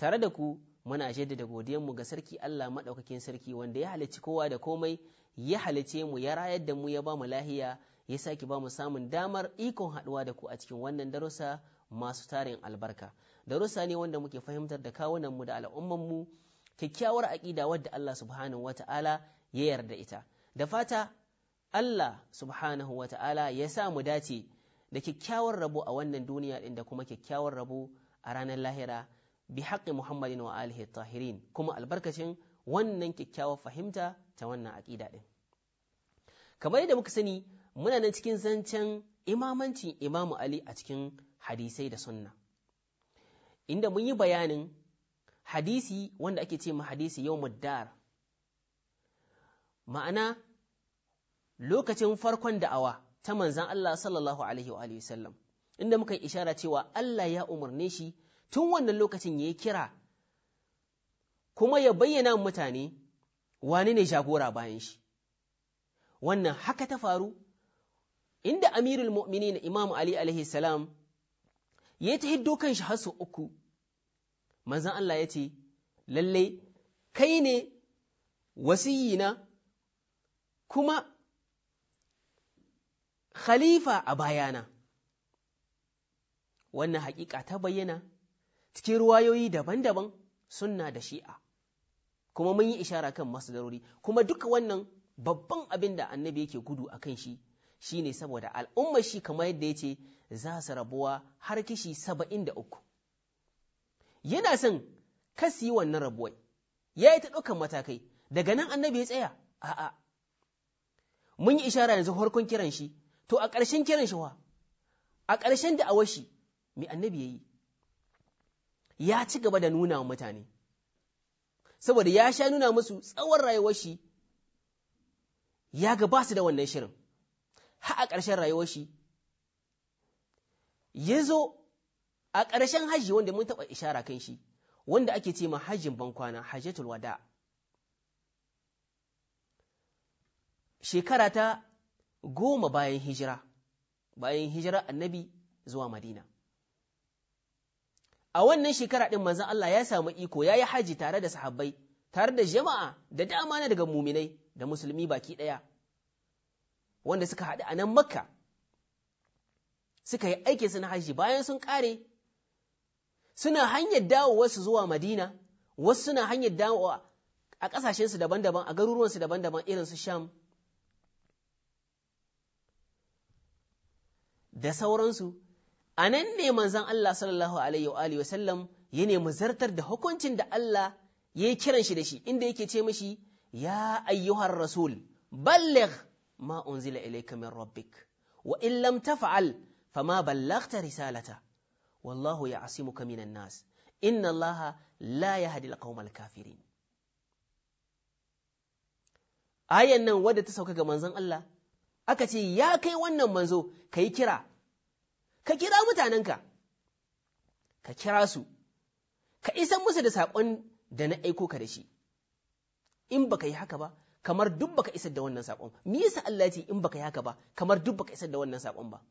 tare da ku muna jaddada godiyanmu ga sarki Allah maɗaukakin sarki wanda ya halicci kowa da komai ya halicce mu ya rayar da mu ya ba mu lahiya ya sake ba mu samun damar ikon haɗuwa da ku a cikin wannan darussa masu tarin albarka darussa ne wanda muke fahimtar da kawunan mu da al'umman mu kyakkyawar aƙida wadda Allah subhanahu wata'ala ya yarda ita da fata Allah subhanahu wata'ala ya sa mu dace da kyakkyawar rabo a wannan duniya ɗin da kuma kyakkyawar rabo a ranar lahira bi haƙƙi muhammadin wa alihi tahirin kuma albarkacin wannan kyakkyawar fahimta ta wannan aƙida ɗin kamar yadda muka sani muna nan cikin zancen imamancin imamu ali a cikin hadisai da sunna inda mun yi bayanin hadisi wanda ake ce ma hadisi yau muddar ma'ana lokacin farkon da'awa ta manzan Allah sallallahu alaihi wa sallam inda muka ishara cewa Allah ya umarne shi tun wannan lokacin ya yi kira kuma ya bayyana mutane wani ne jagora bayan shi wannan haka ta faru inda amirul mu'mini na imam ali alaihi salam ya ta hiddo kan shi hasu uku manzan Allah ya ce lallai kai ne wasiyina kuma khalifa a bayana wannan haƙiƙa ta bayyana cikin ruwayoyi daban-daban sunna da shi'a kuma mun yi ishara kan masdarori kuma duka wannan babban abin da annabi yake gudu a kan shi shi ne saboda al'ummar shi kamar yadda ya ce za su rabuwa har kishi saba'in da uku yana son kasi wannan rabuwai ya yi ta ɗaukan matakai daga nan annabi ya tsaya a'a mun yi ishara yanzu farkon kiran shi to a ƙarshen kiran shi wa a ƙarshen a washi me annabi ya yi ya ci gaba da nuna wa mutane saboda ya sha nuna musu tsawon rayuwar shi ya ga ba su da wannan shirin har a ƙarshen rayuwar shi ya zo a ƙarshen hajji wanda mun taɓa ishara kan shi wanda ake ce ma hajjin bankwana hajjatul wada shekara ta goma bayan hijira bayan hijira annabi zuwa madina a wannan shekara ɗin manzon Allah ya samu iko ya yi haji tare da sahabbai tare da jama'a da dama na daga muminai da musulmi baki ɗaya wanda suka haɗu a nan makka suka yi aiki suna haji bayan sun ƙare suna hanyar dawo wasu zuwa madina wasu suna hanyar dawo a ƙasashensu daban-daban a garuruwansu daban-daban irin su sham da sauransu a nan ne manzon Allah sallallahu alaihi wa sallam ya nemi zartar da hukuncin da Allah ya yi kiran shi da shi inda yake ce mashi ya ayyuhar rasul balligh ma unzila ilayka min rabbik wa in lam taf'al fama ballaghta risalata wallahu ya'simuka minan nas inna allaha la yahdi alqawmal kafirin ayan nan wadda ta sauka ga manzon Allah aka ce ya kai wannan manzo ka yi kira ka kira mutanenka ka kira su ka isan musu da saƙon da na aiko ka da shi in baka yi haka ba kamar duk baka isar da wannan saƙon me yasa Allah ya ce in baka yi haka ba kamar duk baka isar da wannan saƙon ba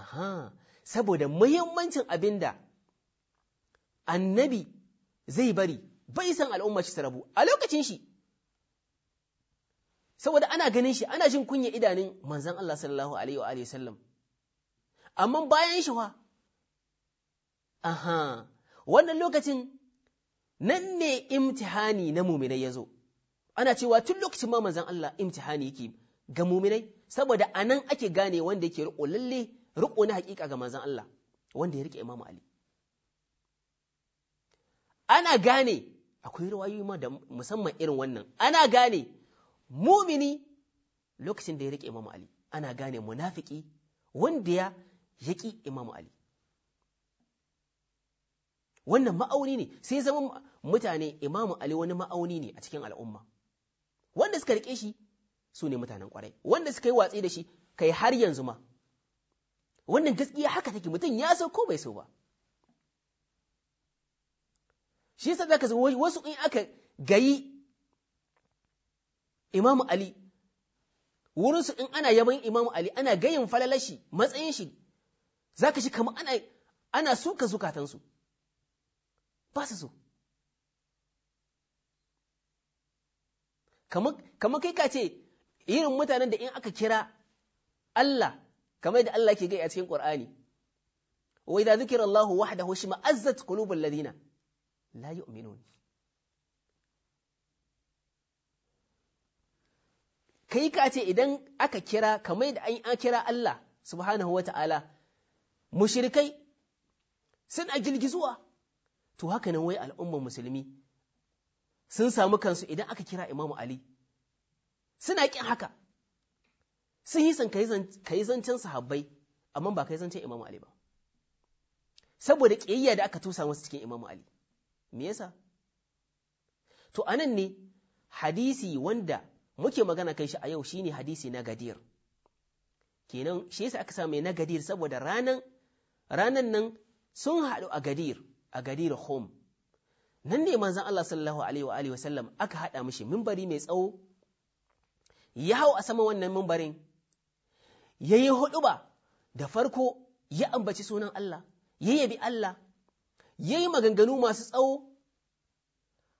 aha saboda muhimmancin abin da annabi zai bari bai san al'umma ci rabu a lokacin shi saboda ana ganin shi ana jin kunya idanun manzon Allah sallallahu alaihi wa alihi sallam amma bayan shi wa aha, wannan lokacin nan ne imtihani na muminai ya zo, ana cewa tun lokacin ma manzan Allah imtihani yake ga muminai, saboda a nan ake gane wanda yake riƙo lalle riƙo na haƙiƙa ga manzan Allah, wanda ya riƙe imamu Ali. Ana gane, akwai rawayoyi ma da musamman irin wannan, ana gane mumini lokacin da ya rike imamu Ali, ana gane munafiki wanda ya yaƙi Imam Ali wannan ma'auni ne sai zama mutane Imam Ali wani ma'auni ne a cikin al'umma wanda suka rike shi su ne mutanen kwarai wanda suka yi watsi da shi kai har yanzu ma wannan gaskiya haka take mutum ya so ko bai so ba shi yasa zaka zo wasu in aka gayi Imam Ali wurinsu in ana yaban Imam Ali ana gayin falalashi matsayin shi za ka shi kama ana, ana suka zukatansu ba su so kamar kai ka ce irin mutanen da in aka kira Allah kamar da Allah ke gai a cikin Qur'ani wa idza zikira Allah wahdahu shi azzat qulubul ladina la yu'minun kai ka ce idan aka kira kamar da an kira Allah subhanahu ta'ala. mushrikai suna girgizuwa to haka nan wai al'umman musulmi sun samu kansu idan aka kira imamu ali suna ƙin haka sun yi san ka yi zancen sahabbai amma ba ka yi zancen imamu ali ba saboda ƙiyayya da aka tusa masu cikin imamu ali me yasa to anan ne hadisi wanda muke magana kai shi a yau shine hadisi na gadir kenan shi yasa aka samu na gadir saboda ranan ranan nan sun haɗu a gadir a gadir home nan ne manzon Allah sallallahu alaihi wa alihi wasallam aka haɗa mishi mimbari mai tsawo ya hau a sama wannan mimbarin yayi huɗuba da farko ya ambaci sunan Allah ya yabi Allah yayi maganganu masu tsawo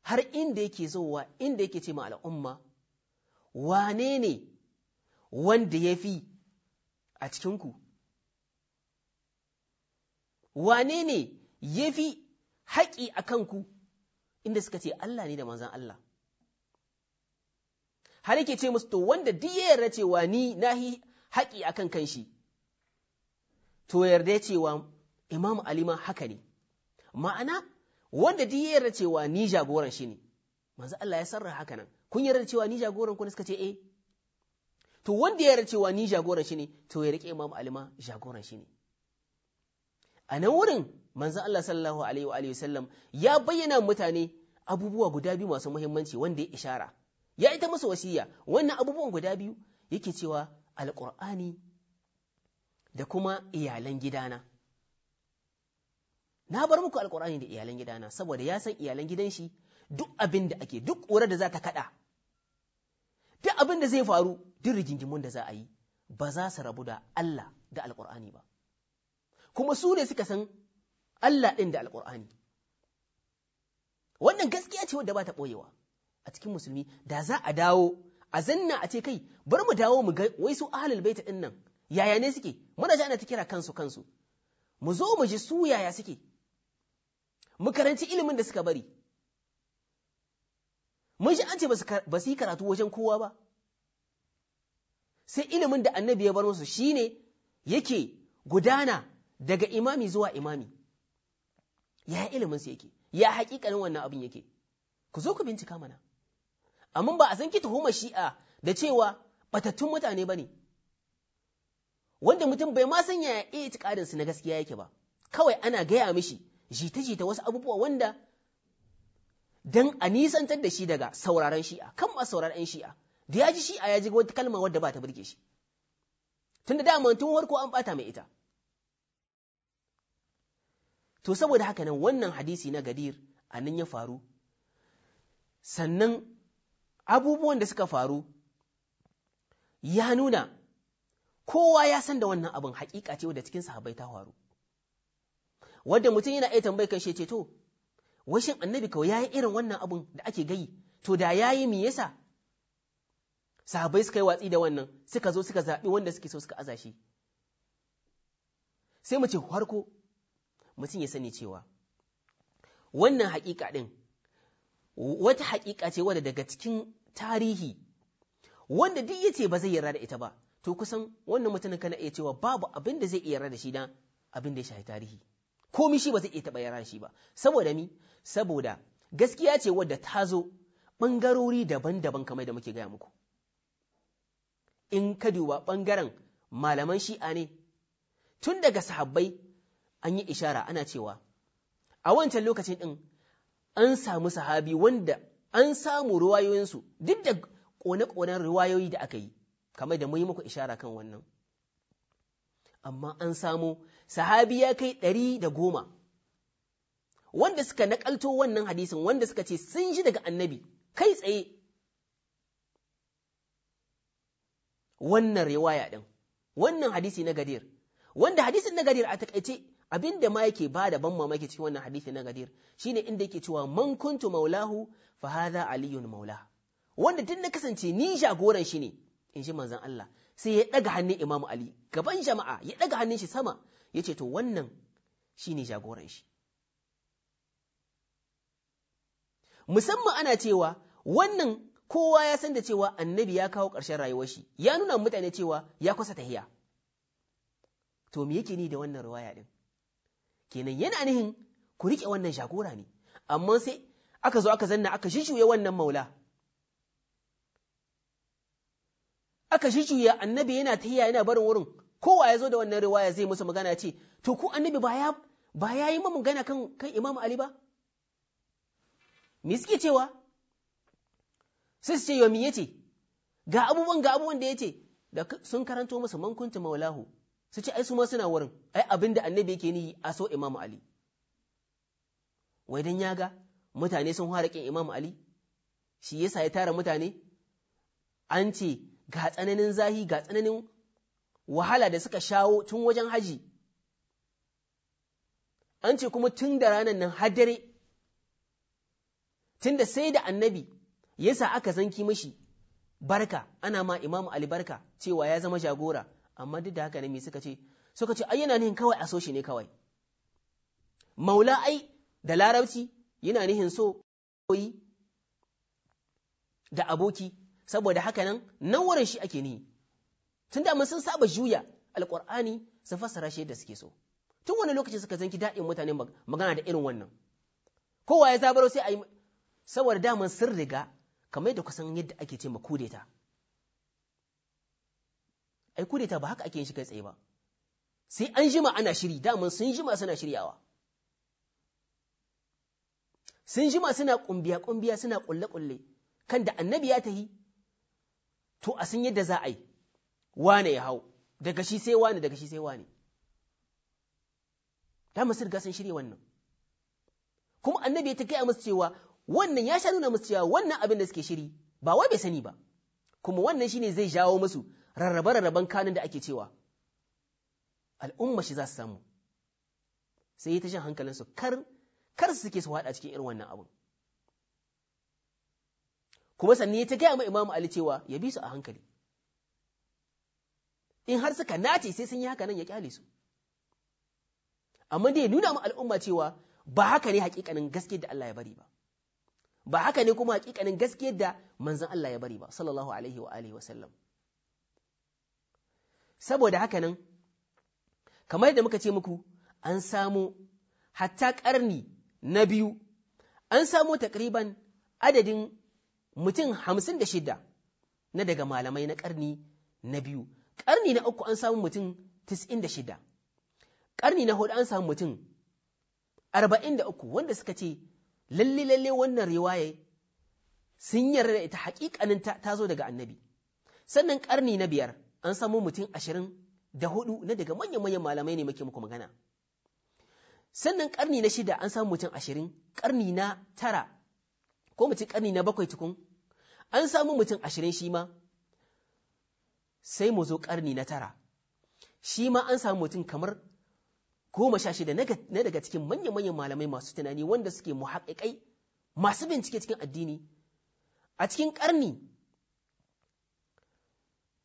har inda yake zowa inda yake ce ma al'umma wane ne wanda ya fi a cikinku wane ne ya fi haƙi a kanku inda suka ce Allah ne da manzan Allah har yake ce musu to wanda duk ya yarda cewa ni yi haƙi a kan kanshi to yarda cewa Imam Ali ma haka ne ma'ana wanda duk ya yarda cewa ni jagoran shi ne manzan Allah ya sarra haka nan kun yarda cewa ni jagoran ku suka ce eh to wanda ya yarda cewa ni jagoran shi ne to ya rike Imam Ali ma jagoran shi ne a nan wurin manzon Allah sallallahu alaihi wa alihi sallam ya bayyana mutane abubuwa guda biyu masu muhimmanci wanda ya ishara ya ita musu wasiya wannan abubuwan guda biyu yake cewa alqur'ani da kuma iyalan gidana na bar muku alqur'ani da iyalan gidana saboda ya san iyalan gidan shi duk abin da ake duk ƙurar da za ta kaɗa. duk abin da zai faru duk rigingimun da za a yi ba za su rabu da Allah da alqur'ani ba kuma su ne suka san Allah ɗin da alƙur'ani wannan gaskiya ce wadda ba ta ɓoyewa a cikin musulmi da za a dawo a zanna a ce kai bar mu dawo mu ga wai su ahalin baita ɗin nan yaya ne suke muna ja ana ta kira kansu kansu mu zo mu ji su yaya suke mu karanci ilimin da suka bari mun ji an ce ba su yi karatu wajen kowa ba sai ilimin da annabi ya bar musu shine yake gudana daga imami zuwa imami ya ilimin su yake ya haƙiƙanin wannan abin yake ku zo ku bincika mana amma ba a san ki tuhuma shi'a da cewa batattun mutane ba ne wanda mutum bai ma san yaya iya su na gaskiya yake ba kawai ana gaya mishi jita-jita wasu abubuwa wanda don a nisantar da shi daga sauraron shi'a kan ma sauraron 'yan shi'a da ya ji shi'a ya ji wata kalma wadda ba ta burge shi tunda da dama tun farko an bata mai ita to saboda haka nan wannan hadisi na gadir a nan ya faru sannan abubuwan da suka faru ya nuna kowa ya san da wannan abin hakika ce wadda cikin sahabbai ta faru wadda mutum yana iya tambayar kan ce to wai shin annabi kawai yi irin wannan abin da ake gayi to da yayi me yasa Sahabai suka yi watsi da wannan suka zo suka zaɓi wanda suke so suka aza shi sai mu ce farko mutum ya sani cewa wannan haƙiƙa ɗin wata haƙiƙa ce wadda daga cikin tarihi wanda duk yace ba zai yarda da ita ba to kusan wannan mutumin kana iya cewa babu abin da zai iya yarda da shi dan abin da ya shafi tarihi komi shi ba zai iya taɓa yarda shi ba saboda mi saboda gaskiya ce wadda ta zo ɓangarori daban-daban kamar da muke gaya muku in ka duba ɓangaren malaman shi'a ne tun daga sahabbai an yi ishara ana cewa a wancan lokacin ɗin an samu sahabi wanda an samu ruwayoyinsu duk da ƙone-ƙonen ruwayoyi da aka yi kamar da muyi muku ishara kan wannan amma an samu sahabi ya kai ɗari da goma wanda suka naƙalto wannan hadisin wanda suka ce sun ji daga annabi kai tsaye wannan riwaya ɗin wannan hadisi na gadir wanda hadisin na gadir a takaice abin da ma yake ba da ban mamaki cikin wannan hadisi na gadir shine inda yake cewa man kuntu maulahu fa hadha aliyun maula wanda duk na kasance ni jagoran shi ne in ji manzon Allah sai ya daga hannun Imam Ali gaban jama'a ya daga hannun shi sama ya ce to wannan shine jagoran shi musamman ana cewa wannan kowa ya san da cewa annabi ya kawo ƙarshen rayuwar shi ya nuna mutane cewa ya kusa tahiya to me yake ni da wannan riwaya din kenan yana nihin ku riƙe wannan shagora ne amma sai aka zo aka zanna aka shishuye wannan maula aka shishuye annabi yana tahiya yana barin wurin kowa ya zo da wannan riwaya zai musu magana ce to ku annabi ba ya ba ya yi magana kan kan Imam Ali ba miski cewa sai su ce yomi yace ga abubuwan ga abubuwan da yace da sun karanto masa mankunta maulahu su ce ai su ma suna wurin ai abinda annabi yake yi a so imamu ali wai dan ya ga mutane sun fara kin imamu ali shi yasa ya tara mutane an ce ga tsananin zahi ga tsananin wahala da suka shawo tun wajen haji an ce kuma tun da ranar nan har dare tun da sai da annabi yasa aka zanki mashi barka ana ma imamu ali barka cewa ya zama jagora amma duk da haka ne me suka ce suka ce ai yana nihin kawai a so shi ne kawai maula ai da larabci yana nihin so koyi da aboki saboda haka nan nan wurin shi ake ni. tun da sun saba juya alƙur'ani su fassara shi yadda suke so tun wani lokaci suka zanki daɗin mutane magana da irin wannan kowa ya zabaro sai a yi saboda daman sun riga kamar yadda kusan yadda ake ce ma kudeta ai kudeta ba haka ake yin shi kai tsaye ba sai an jima ana shiri daman sun jima suna shiryawa sun jima suna kumbiya kumbiya suna kulle kulle kan da annabi ya tahi to a san yadda za a yi wane ya hau daga shi sai wane daga shi sai wane daman sun riga sun shirya wannan kuma annabi ya ta gaya musu cewa wannan ya sha nuna musu cewa wannan abin da suke shiri ba wai bai sani ba kuma wannan shine zai jawo musu rarrabe-rarraben kanin da ake cewa al'umma shi za su samu sai yi ta shan hankalinsu kar kar su suke su haɗa cikin irin wannan abun kuma sannan ya ta gaya ma imamu Ali cewa ya bi su a hankali in har suka nace sai sun yi haka nan ya kyale su amma dai nuna ma al'umma cewa ba haka ne hakikanin gaskiyar da Allah ya bari ba ba haka ne kuma hakikanin gaskiyar da manzon Allah ya bari ba sallallahu alaihi wa alihi wa sallam saboda haka nan kamar da muka ce muku an samu hatta ƙarni na biyu an samu takriban adadin mutum hamsin da shida na daga malamai na ƙarni na biyu ƙarni na uku an samu mutum tis'in da shida ƙarni na hudu an samu mutum arba'in da uku wanda suka ce lalle lalle wannan riwaye sun yarda ita hakikanin ta zo daga annabi sannan ƙarni na biyar an samu mutum ashirin da hudu na daga manyan manyan malamai ne muke muku magana sannan karni na shida an samu mutum ashirin karni na tara ko mutum karni na bakwai tukun an samu mutum ashirin shi sai mu zo karni na tara Shima an samu mutum kamar goma sha shida na daga cikin manyan manyan malamai masu tunani wanda suke muhaƙaƙai masu bincike cikin addini a cikin karni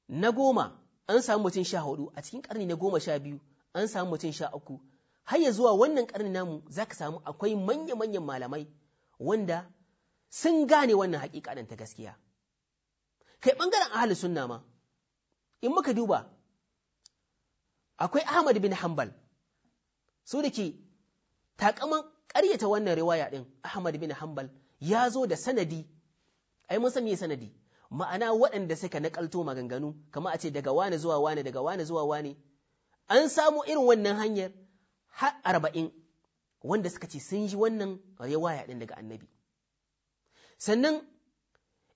na goma an samu mutum sha hudu a cikin ƙarni na goma sha biyu an samu mutum sha uku har ya zuwa wannan karni namu za ka samu akwai manya-manyan malamai wanda sun gane wannan haƙiƙanin ta gaskiya kai ɓangaren ahalin sunna ma in muka duba akwai ahmad bin Hambal. su da ke takaman ƙaryata wannan riwaya ɗin ahmad bin Hambal ya zo da sanadi ai mun san me sanadi ma'ana waɗanda suka nakalto maganganu kama a ce daga wane zuwa wane daga wane zuwa wane an samu irin wannan hanyar har arba'in wanda suka ce sun ji wannan riwaya ɗin daga annabi sannan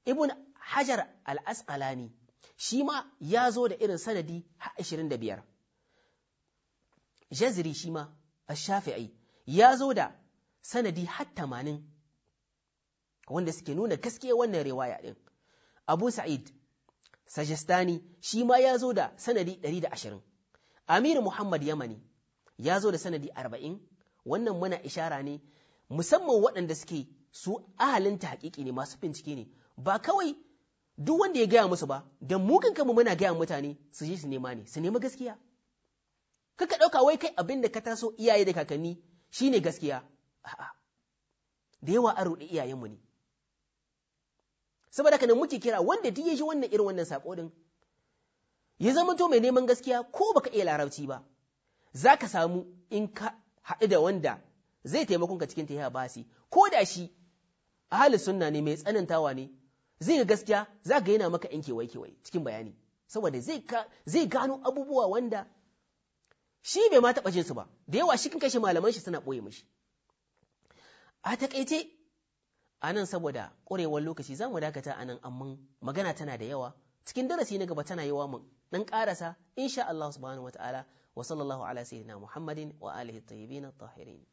ibn hajar al-asqalani shi ma ya zo da irin sanadi har 25, da jaziri shi ma a shafi'ai ya zo da sanadi har tamanin wanda suke nuna gaskiya wannan riwaya ɗin Abu Sa'id Sajistani shi ma ya zo da sanadi 120. Amir Muhammad Yamani ya zo da sanadi 40, wannan muna ishara ne musamman waɗanda suke su ahalin ta haƙiƙi ne masu bincike ne, ba kawai duk wanda ya gaya musu ba, da mugun kama muna gaya mutane su je su nema ne, su nema gaskiya. Kaka ɗauka wai kai abin da ka taso iyaye da kakanni shi ne gaskiya, a'a, da yawa an ruɗe iyayenmu ne. saboda haka nan muke kira wanda duk ya ji wannan irin wannan sako din ya zama to mai neman gaskiya ko baka iya larabci ba za ka samu in ka haɗu da wanda zai taimakon ka cikin tahiya basi ko da shi ahli sunna ne mai tsanantawa ne zai ga gaskiya za ka yana maka yan kewaye kewaye cikin bayani saboda zai gano abubuwa wanda shi bai ma taɓa su ba da yawa shi kan kashe malaman shi suna ɓoye mashi a taƙaice a nan saboda ƙwarewar lokaci za mu dakata a nan amma magana tana da yawa cikin darasi na gaba tana yawa mun dan ƙarasa insha Allah subhanahu wataala wa sallallahu ala sayyidina Muhammadin wa alihi tayyibin at-tahirin